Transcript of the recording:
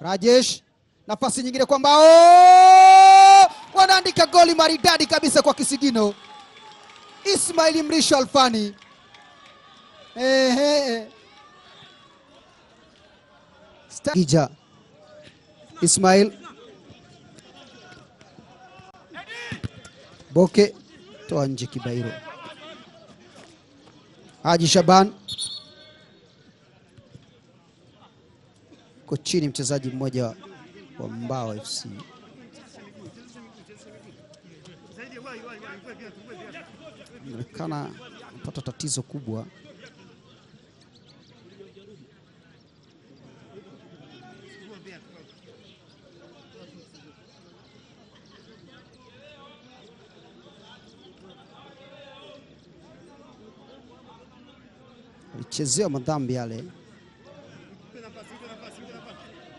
Rajesh, nafasi nyingine kwa mbao, wanaandika goli maridadi kabisa kwa kisigino. Ismail Mrisho Alfani, ehe, Ismail Boke, toa nje Kibairo, Haji Shaban yuko chini mchezaji mmoja wa Mbao FC. Inaonekana pata tatizo kubwa alichezewa madhambi yale. pas, vite la passe, vite la p a s